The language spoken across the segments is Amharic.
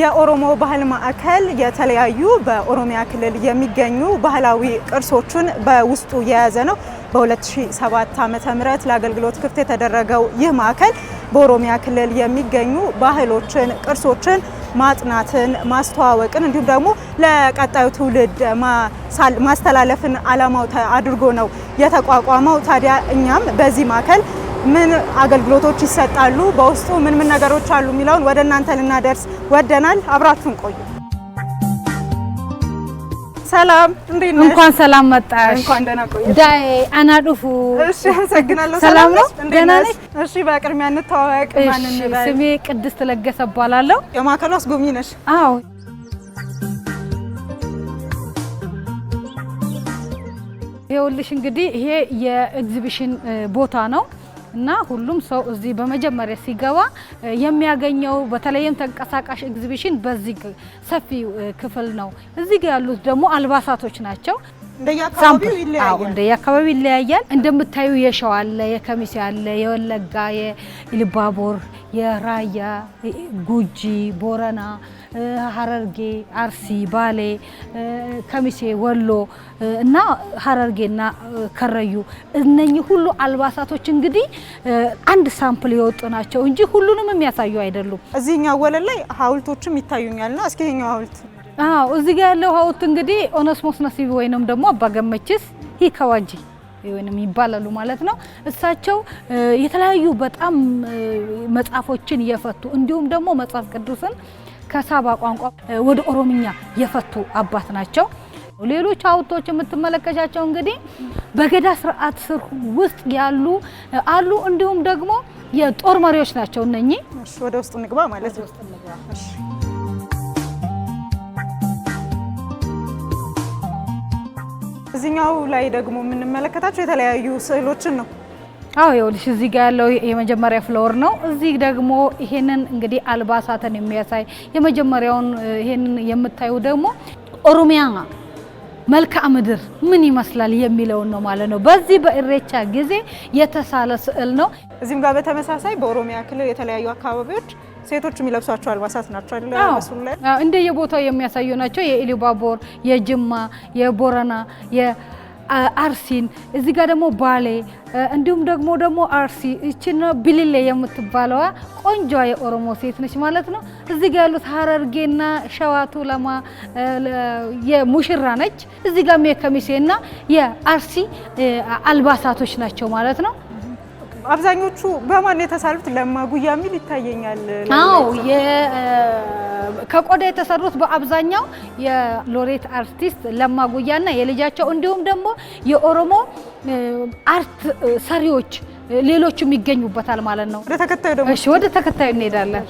የኦሮሞ ባህል ማዕከል የተለያዩ በኦሮሚያ ክልል የሚገኙ ባህላዊ ቅርሶችን በውስጡ የያዘ ነው። በ2007 ም ለአገልግሎት ክፍት የተደረገው ይህ ማዕከል በኦሮሚያ ክልል የሚገኙ ባህሎችን፣ ቅርሶችን ማጥናትን፣ ማስተዋወቅን እንዲሁም ደግሞ ለቀጣዩ ትውልድ ማስተላለፍን ዓላማው አድርጎ ነው የተቋቋመው። ታዲያ እኛም በዚህ ማዕከል ምን አገልግሎቶች ይሰጣሉ፣ በውስጡ ምን ምን ነገሮች አሉ የሚለውን ወደ እናንተ ልናደርስ ወደናል። አብራችሁን ቆዩ። ሰላም እንዴት ነሽ? እንኳን ሰላም መጣሽ። እንኳን ደህና ቆየሽ። ዳይ አና እሺ፣ አመሰግናለሁ። ሰላም ነው? ደህና ነሽ? እሺ፣ በቅድሚያ እንተዋወቅ። ማን ስሜ ቅድስት ለገሰ እባላለሁ። የማዕከሉ አስጎብኚ ነሽ? አዎ። ይኸውልሽ እንግዲህ ይሄ የኤግዚቢሽን ቦታ ነው። እና ሁሉም ሰው እዚህ በመጀመሪያ ሲገባ የሚያገኘው በተለይም ተንቀሳቃሽ ኤግዚቢሽን በዚህ ሰፊ ክፍል ነው። እዚህ ጋር ያሉት ደግሞ አልባሳቶች ናቸው። እንደየአካባቢው ይለያያል። እንደምታዩ የሸዋ አለ፣ የከሚሴ አለ፣ የወለጋ፣ የኢሉባቦር፣ የራያ፣ ጉጂ፣ ቦረና፣ ሀረርጌ አርሲ፣ ባሌ፣ ከሚሴ፣ ወሎ እና ሀረርጌና ከረዩ እነኚህ ሁሉ አልባሳቶች እንግዲህ አንድ ሳምፕል የወጡ ናቸው እንጂ ሁሉንም የሚያሳዩ አይደሉም። እዚህኛው ወለል ላይ ሀውልቶችም ይታዩኛልና እስኪ ይኸኛው ሀውልት አዎ እዚህ ጋር ያለው ሀውልት እንግዲህ ኦነስሞስ ነሲቢ ወይንም ደግሞ አባ ሂከዋጂ ወይንም ይባላሉ ማለት ነው። እሳቸው የተለያዩ በጣም መጽሐፎችን የፈቱ እንዲሁም ደግሞ መጽሐፍ ቅዱስን ከሳባ ቋንቋ ወደ ኦሮምኛ የፈቱ አባት ናቸው። ሌሎች ሀውልቶች የምትመለከቻቸው እንግዲህ በገዳ ስርዓት ስር ውስጥ ያሉ አሉ። እንዲሁም ደግሞ የጦር መሪዎች ናቸው እነኚህ። ወደ ውስጥ እንግባ ማለት ነው። እዚህኛው ላይ ደግሞ የምንመለከታቸው የተለያዩ ስዕሎችን ነው። አዎ ይኸውልሽ እዚህ ጋር ያለው የመጀመሪያ ፍሎር ነው። እዚህ ደግሞ ይሄንን እንግዲህ አልባሳትን የሚያሳይ የመጀመሪያውን ይሄንን የምታዩ ደግሞ ኦሮሚያ መልክዓ ምድር ምን ይመስላል የሚለውን ነው ማለት ነው። በዚህ በኢሬቻ ጊዜ የተሳለ ስዕል ነው። እዚህም ጋር በተመሳሳይ በኦሮሚያ ክልል የተለያዩ አካባቢዎች ሴቶች የሚለብሷቸው አልባሳት ናቸው አይደል? ያለበሱን ላይ እንደ የቦታው የሚያሳዩ ናቸው። የኢሊባቦር የጅማ፣ የቦረና፣ የአርሲን እዚህ ጋር ደግሞ ባሌ እንዲሁም ደግሞ ደግሞ አርሲ እችን ብልሌ የምትባለዋ ቆንጆ የኦሮሞ ሴት ነች ማለት ነው። እዚህ ጋር ያሉት ሀረርጌና ሸዋቱ ለማ የሙሽራ ነች። እዚህ ጋር የከሚሴና የአርሲ አልባሳቶች ናቸው ማለት ነው። አብዛኞቹ በማን የተሳሉት ለማጉያ የሚል ይታየኛል። አዎ ከቆዳ የተሰሩት በአብዛኛው የሎሬት አርቲስት ለማጉያና የልጃቸው እንዲሁም ደግሞ የኦሮሞ አርት ሰሪዎች ሌሎችም ይገኙበታል ማለት ነው። ወደ ተከታዩ ደግሞ ወደ ተከታዩ እንሄዳለን።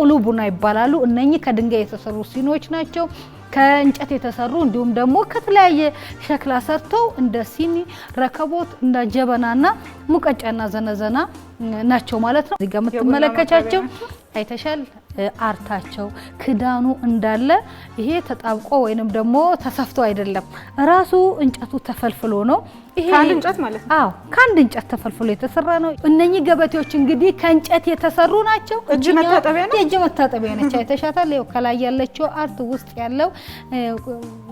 ቁሉቡና ይባላሉ። እነኚህ ከድንጋይ የተሰሩ ሲኒዎች ናቸው። ከእንጨት የተሰሩ እንዲሁም ደግሞ ከተለያየ ሸክላ ሰርተው እንደ ሲኒ፣ ረከቦት፣ እንደ ጀበናና ሙቀጫና ዘነዘና ናቸው ማለት ነው። እዚጋ የምትመለከቻቸው አይተሻል። አርታቸው ክዳኑ እንዳለ ይሄ ተጣብቆ ወይንም ደግሞ ተሰፍቶ አይደለም፣ ራሱ እንጨቱ ተፈልፍሎ ነው። ይሄ ከአንድ እንጨት ማለት ነው። አዎ ከአንድ እንጨት ተፈልፍሎ የተሰራ ነው። እነኚህ ገበቴዎች እንግዲህ ከእንጨት የተሰሩ ናቸው። እጅ መታጠቢያ ነው፣ የእጅ መታጠቢያ ነች። አይተሻታል። ይኸው ከላይ ያለችው አርት ውስጥ ያለው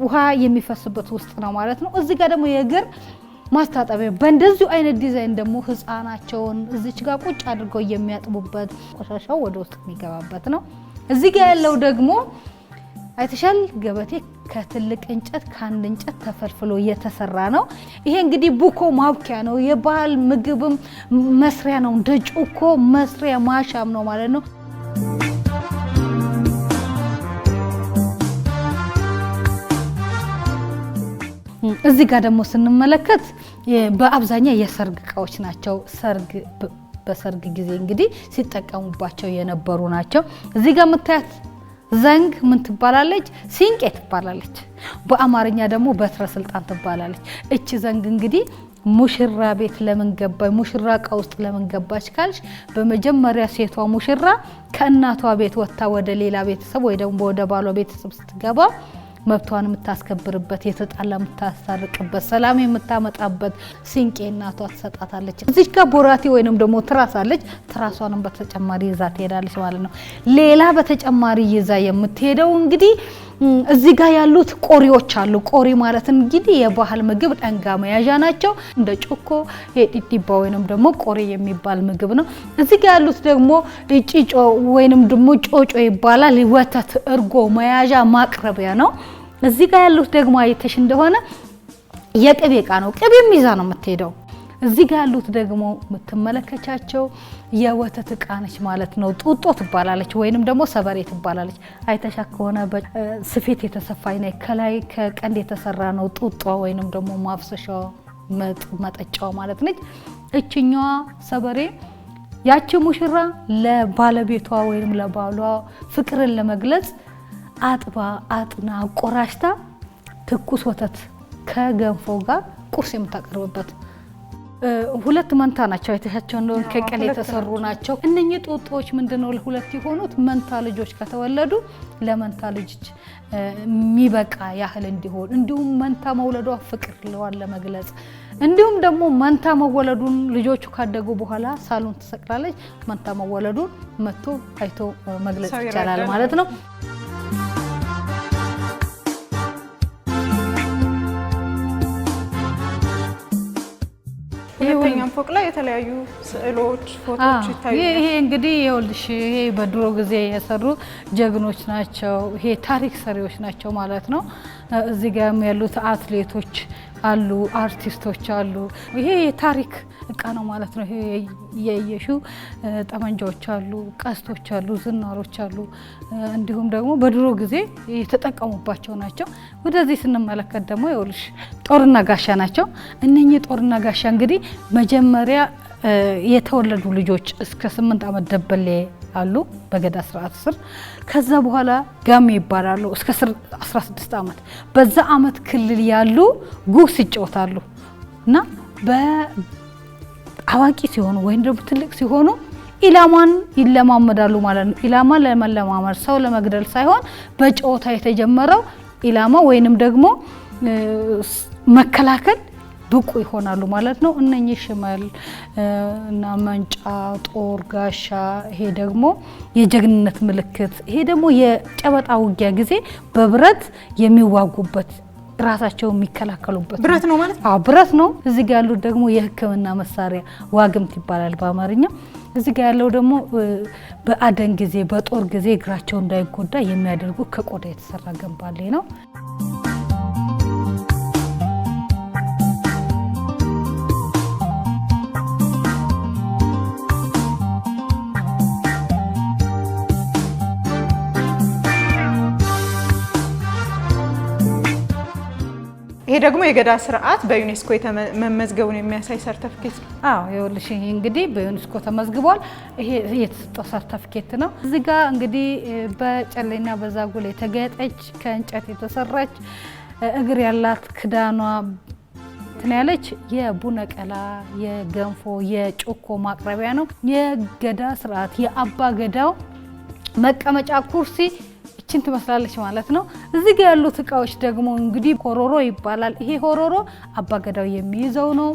ውሃ የሚፈስበት ውስጥ ነው ማለት ነው። እዚህ ጋር ደግሞ የእግር ማስታጠቢያ በእንደዚሁ አይነት ዲዛይን ደግሞ ህፃናቸውን እዚች ጋር ቁጭ አድርገው የሚያጥቡበት ቆሻሻው ወደ ውስጥ የሚገባበት ነው። እዚህ ጋር ያለው ደግሞ አይተሻል ገበቴ ከትልቅ እንጨት ከአንድ እንጨት ተፈልፍሎ እየተሰራ ነው። ይሄ እንግዲህ ቡኮ ማብኪያ ነው፣ የባህል ምግብም መስሪያ ነው። እንደ ጩኮ መስሪያ ማሻም ነው ማለት ነው። እዚህ ጋር ደግሞ ስንመለከት በአብዛኛው የሰርግ እቃዎች ናቸው። ሰርግ በሰርግ ጊዜ እንግዲህ ሲጠቀሙባቸው የነበሩ ናቸው። እዚህ ጋር የምታያት ዘንግ ምን ትባላለች? ሲንቄ ትባላለች። በአማርኛ ደግሞ በትረ ስልጣን ትባላለች። እች ዘንግ እንግዲህ ሙሽራ ቤት ለምን ገባች፣ ሙሽራ እቃ ውስጥ ለምን ገባች ካልሽ በመጀመሪያ ሴቷ ሙሽራ ከእናቷ ቤት ወጥታ ወደ ሌላ ቤተሰብ ወይ ደግሞ ወደ ባሏ ቤተሰብ ስትገባ መብቷን የምታስከብርበት፣ የተጣላ የምታስታርቅበት፣ ሰላም የምታመጣበት ሲንቄ እናቷ ትሰጣታለች። እዚች ጋር ቦራቴ ወይንም ደግሞ ትራስ አለች። ትራሷንም በተጨማሪ ይዛ ትሄዳለች ማለት ነው። ሌላ በተጨማሪ ይዛ የምትሄደው እንግዲህ እዚህ ጋር ያሉት ቆሪዎች አሉ። ቆሪ ማለት እንግዲህ የባህል ምግብ ደንጋ መያዣ ናቸው። እንደ ጮኮ የጢጢባ ወይንም ደግሞ ቆሪ የሚባል ምግብ ነው። እዚህ ጋር ያሉት ደግሞ ጭጮ ወይንም ደግሞ ጮጮ ይባላል። ወተት እርጎ መያዣ ማቅረቢያ ነው። እዚህ ጋር ያሉት ደግሞ አይተሽ እንደሆነ የቅቤ እቃ ነው። ቅቤም ይዛ ነው የምትሄደው። እዚህ ጋር ያሉት ደግሞ የምትመለከቻቸው የወተት እቃ ነች ማለት ነው። ጡጦ ትባላለች ወይንም ደግሞ ሰበሬ ትባላለች። አይተሻ ከሆነ ስፌት የተሰፋኝ ነ ከላይ ከቀንድ የተሰራ ነው ጡጦ ወይንም ደግሞ ማፍሰሻው መጠጫው ማለት ነች። እችኛዋ ሰበሬ ያቺ ሙሽራ ለባለቤቷ ወይም ለባሏ ፍቅርን ለመግለጽ አጥባ አጥና አቆራሽታ ትኩስ ወተት ከገንፎ ጋር ቁርስ የምታቀርብበት ሁለት መንታ ናቸው። አይተሻቸው እንደሆነ ከቀል የተሰሩ ናቸው። እነኚህ ጦጦዎች ምንድነው ለሁለት የሆኑት መንታ ልጆች ከተወለዱ ለመንታ ልጅ የሚበቃ ያህል እንዲሆን፣ እንዲሁም መንታ መውለዷ ፍቅር ለዋን ለመግለጽ እንዲሁም ደግሞ መንታ መወለዱን ልጆቹ ካደጉ በኋላ ሳሎን ትሰቅላለች። መንታ መወለዱን መጥቶ አይቶ መግለጽ ይቻላል ማለት ነው። ሁለተኛ ፎቅ ላይ የተለያዩ ስዕሎች፣ ፎቶዎች ይታያሉ። ይሄ እንግዲህ ይኸውልሽ ይሄ በድሮ ጊዜ የሰሩ ጀግኖች ናቸው። ይሄ ታሪክ ሰሪዎች ናቸው ማለት ነው። እዚህ ጋርም ያሉት አትሌቶች አሉ፣ አርቲስቶች አሉ። ይሄ የታሪክ እቃ ነው ማለት ነው። ይሄ የየሹ ጠመንጃዎች አሉ፣ ቀስቶች አሉ፣ ዝናሮች አሉ። እንዲሁም ደግሞ በድሮ ጊዜ የተጠቀሙባቸው ናቸው። ወደዚህ ስንመለከት ደግሞ ይኸውልሽ ጦርና ጋሻ ናቸው። እነኚህ ጦርና ጋሻ እንግዲህ መጀመሪያ የተወለዱ ልጆች እስከ ስምንት ዓመት ደበሌ አሉ በገዳ ስርዓት ስር። ከዛ በኋላ ጋሜ ይባላሉ እስከ 16 ዓመት። በዛ ዓመት ክልል ያሉ ጉስ ይጫወታሉ እና በአዋቂ ሲሆኑ ወይም ደግሞ ትልቅ ሲሆኑ ኢላማን ይለማመዳሉ ማለት ነው። ኢላማ ለመለማመድ ሰው ለመግደል ሳይሆን በጨዋታ የተጀመረው ኢላማ ወይንም ደግሞ መከላከል ብቁ ይሆናሉ ማለት ነው። እነኚህ ሽመል እና መንጫ፣ ጦር፣ ጋሻ ይሄ ደግሞ የጀግንነት ምልክት፣ ይሄ ደግሞ የጨበጣ ውጊያ ጊዜ በብረት የሚዋጉበት ራሳቸው የሚከላከሉበት ብረት ነው ማለት ነው። ብረት ነው። እዚህ ጋ ያሉት ደግሞ የሕክምና መሳሪያ ዋግምት ይባላል በአማርኛ። እዚህ ጋ ያለው ደግሞ በአደን ጊዜ በጦር ጊዜ እግራቸው እንዳይጎዳ የሚያደርጉ ከቆዳ የተሰራ ገንባሌ ነው። ደግሞ የገዳ ስርዓት በዩኔስኮ መመዝገቡን የሚያሳይ ሰርተፍኬት ነው። አዎ ይኸውልሽ እንግዲህ በዩኔስኮ ተመዝግቧል። ይሄ የተሰጠው ሰርተፍኬት ነው። እዚህ ጋር እንግዲህ በጨሌና በዛጉል የተገጠች ከእንጨት የተሰራች እግር ያላት ክዳኗ እንትን ያለች የቡነቀላ የገንፎ የጮኮ ማቅረቢያ ነው። የገዳ ስርዓት የአባ ገዳው መቀመጫ ኩርሲ ይችን ትመስላለች ማለት ነው። እዚህ ጋ ያሉት እቃዎች ደግሞ እንግዲህ ሆሮሮ ይባላል። ይሄ ሆሮሮ አባገዳው የሚይዘው ነው።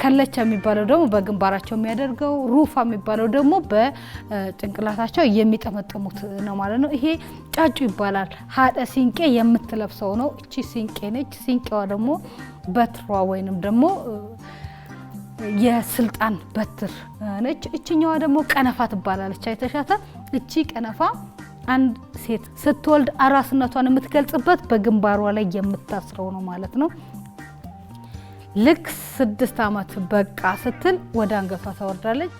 ከለቻ የሚባለው ደግሞ በግንባራቸው የሚያደርገው፣ ሩፋ የሚባለው ደግሞ በጭንቅላታቸው የሚጠመጠሙት ነው ማለት ነው። ይሄ ጫጩ ይባላል። ሀጠ ሲንቄ የምትለብሰው ነው። እቺ ሲንቄ ነች። ሲንቄዋ ደግሞ በትሯ ወይንም ደግሞ የስልጣን በትር ነች። እችኛዋ ደግሞ ቀነፋ ትባላለች። አይተሻተ እቺ ቀነፋ አንድ ሴት ስትወልድ አራስነቷን የምትገልጽበት በግንባሯ ላይ የምታስረው ነው ማለት ነው። ልክ ስድስት ዓመት በቃ ስትል ወደ አንገቷ ታወርዳለች።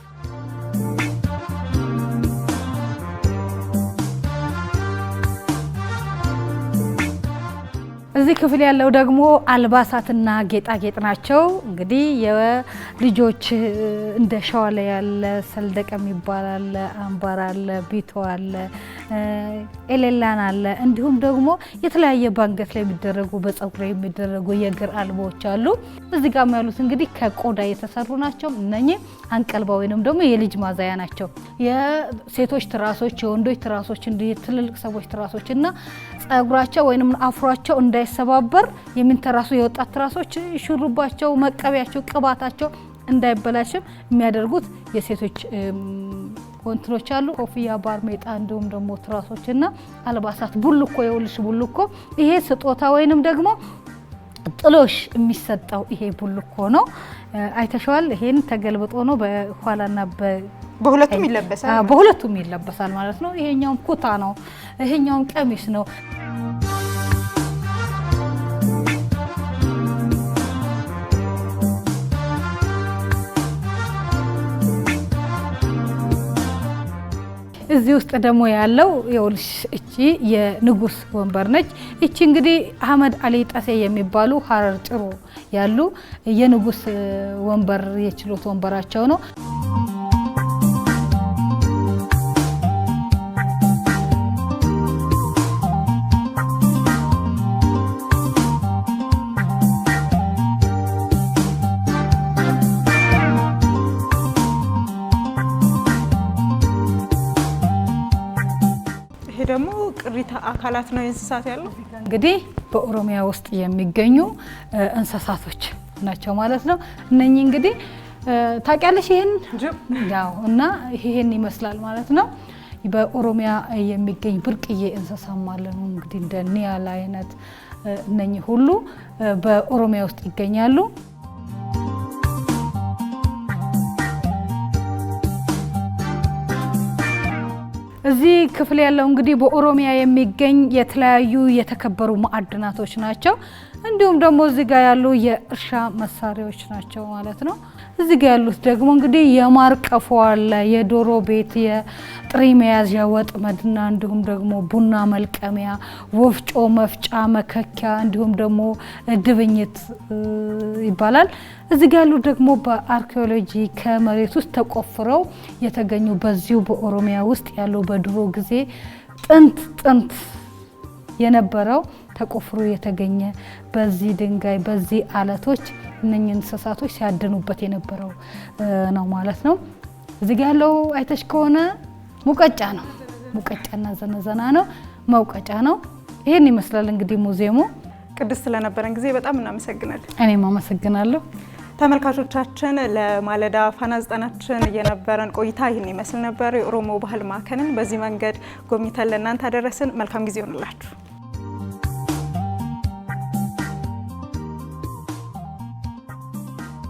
እዚህ ክፍል ያለው ደግሞ አልባሳትና ጌጣጌጥ ናቸው። እንግዲህ የልጆች እንደ ሸዋለ ያለ ሰልደቀም ይባላል፣ አለ፣ አምባር አለ፣ ቢቶ አለ፣ ኤሌላን አለ። እንዲሁም ደግሞ የተለያየ ባንገት ላይ የሚደረጉ በፀጉር የሚደረጉ የእግር አልቦዎች አሉ። እዚህ ጋ ያሉት እንግዲህ ከቆዳ የተሰሩ ናቸው። እነኚህ አንቀልባ ወይንም ደግሞ የልጅ ማዛያ ናቸው። የሴቶች ትራሶች፣ የወንዶች ትራሶች፣ ትልልቅ ሰዎች ትራሶች እና ጸጉራቸው ወይንም አፍሯቸው እንዳይ እንዳይሰባበር የሚንተራሱ የወጣት ትራሶች ሹሩባቸው፣ መቀቢያቸው፣ ቅባታቸው እንዳይበላሽም የሚያደርጉት የሴቶች ወንትኖች አሉ። ኮፍያ፣ ባርሜጣ እንዲሁም ደግሞ ትራሶች እና አልባሳት ቡልኮ፣ የውልሽ ቡልኮ ይሄ ስጦታ ወይንም ደግሞ ጥሎሽ የሚሰጠው ይሄ ቡልኮ ነው። አይተሸዋል። ይሄን ተገልብጦ ነው በኋላና በ በሁለቱም ይለበሳል በሁለቱም ይለበሳል ማለት ነው። ይሄኛውም ኩታ ነው፣ ይሄኛውም ቀሚስ ነው። እዚህ ውስጥ ደግሞ ያለው ይኸውልሽ እቺ የንጉስ ወንበር ነች። እቺ እንግዲህ አህመድ አሊ ጠሴ የሚባሉ ሀረር ጭሮ ያሉ የንጉስ ወንበር የችሎት ወንበራቸው ነው። እዚህ ደግሞ ቅሪታ አካላት ነው እንስሳት ያለው እንግዲህ በኦሮሚያ ውስጥ የሚገኙ እንስሳቶች ናቸው ማለት ነው። እነኚህ እንግዲህ ታውቂያለሽ ይህን ያው እና ይሄን ይመስላል ማለት ነው። በኦሮሚያ የሚገኝ ብርቅዬ እንስሳ አለ እንግዲህ እንደ ኒያላ አይነት እነኚህ ሁሉ በኦሮሚያ ውስጥ ይገኛሉ። እዚህ ክፍል ያለው እንግዲህ በኦሮሚያ የሚገኝ የተለያዩ የተከበሩ ማዕድናቶች ናቸው። እንዲሁም ደግሞ እዚህ ጋር ያሉ የእርሻ መሳሪያዎች ናቸው ማለት ነው። እዚህ ጋ ያሉት ደግሞ እንግዲህ የማር ቀፎ አለ፣ የዶሮ ቤት፣ የጥሬ መያዣ ወጥመድና እንዲሁም ደግሞ ቡና መልቀሚያ፣ ወፍጮ መፍጫ፣ መከኪያ እንዲሁም ደግሞ ድብኝት ይባላል። እዚህ ጋ ያሉት ደግሞ በአርኪኦሎጂ ከመሬት ውስጥ ተቆፍረው የተገኙ በዚሁ በኦሮሚያ ውስጥ ያሉ በድሮ ጊዜ ጥንት ጥንት የነበረው ተቆፍሮ የተገኘ በዚህ ድንጋይ በዚህ አለቶች እነኝህ እንስሳቶች ሲያድኑበት የነበረው ነው ማለት ነው። እዚህ ጋ ያለው አይተሽ ከሆነ ሙቀጫ ነው። ሙቀጫና ዘነዘና ነው፣ መውቀጫ ነው። ይህን ይመስላል እንግዲህ ሙዚየሙ። ቅድስት ስለነበረን ጊዜ በጣም እናመሰግናለን። እኔም አመሰግናለሁ። ተመልካቾቻችን ለማለዳ ፋና ዘጠናችን የነበረን ቆይታ ይህን ይመስል ነበር። የኦሮሞ ባህል ማዕከልን በዚህ መንገድ ጎብኝተን ለእናንተ አደረስን። መልካም ጊዜ ይሆንላችሁ።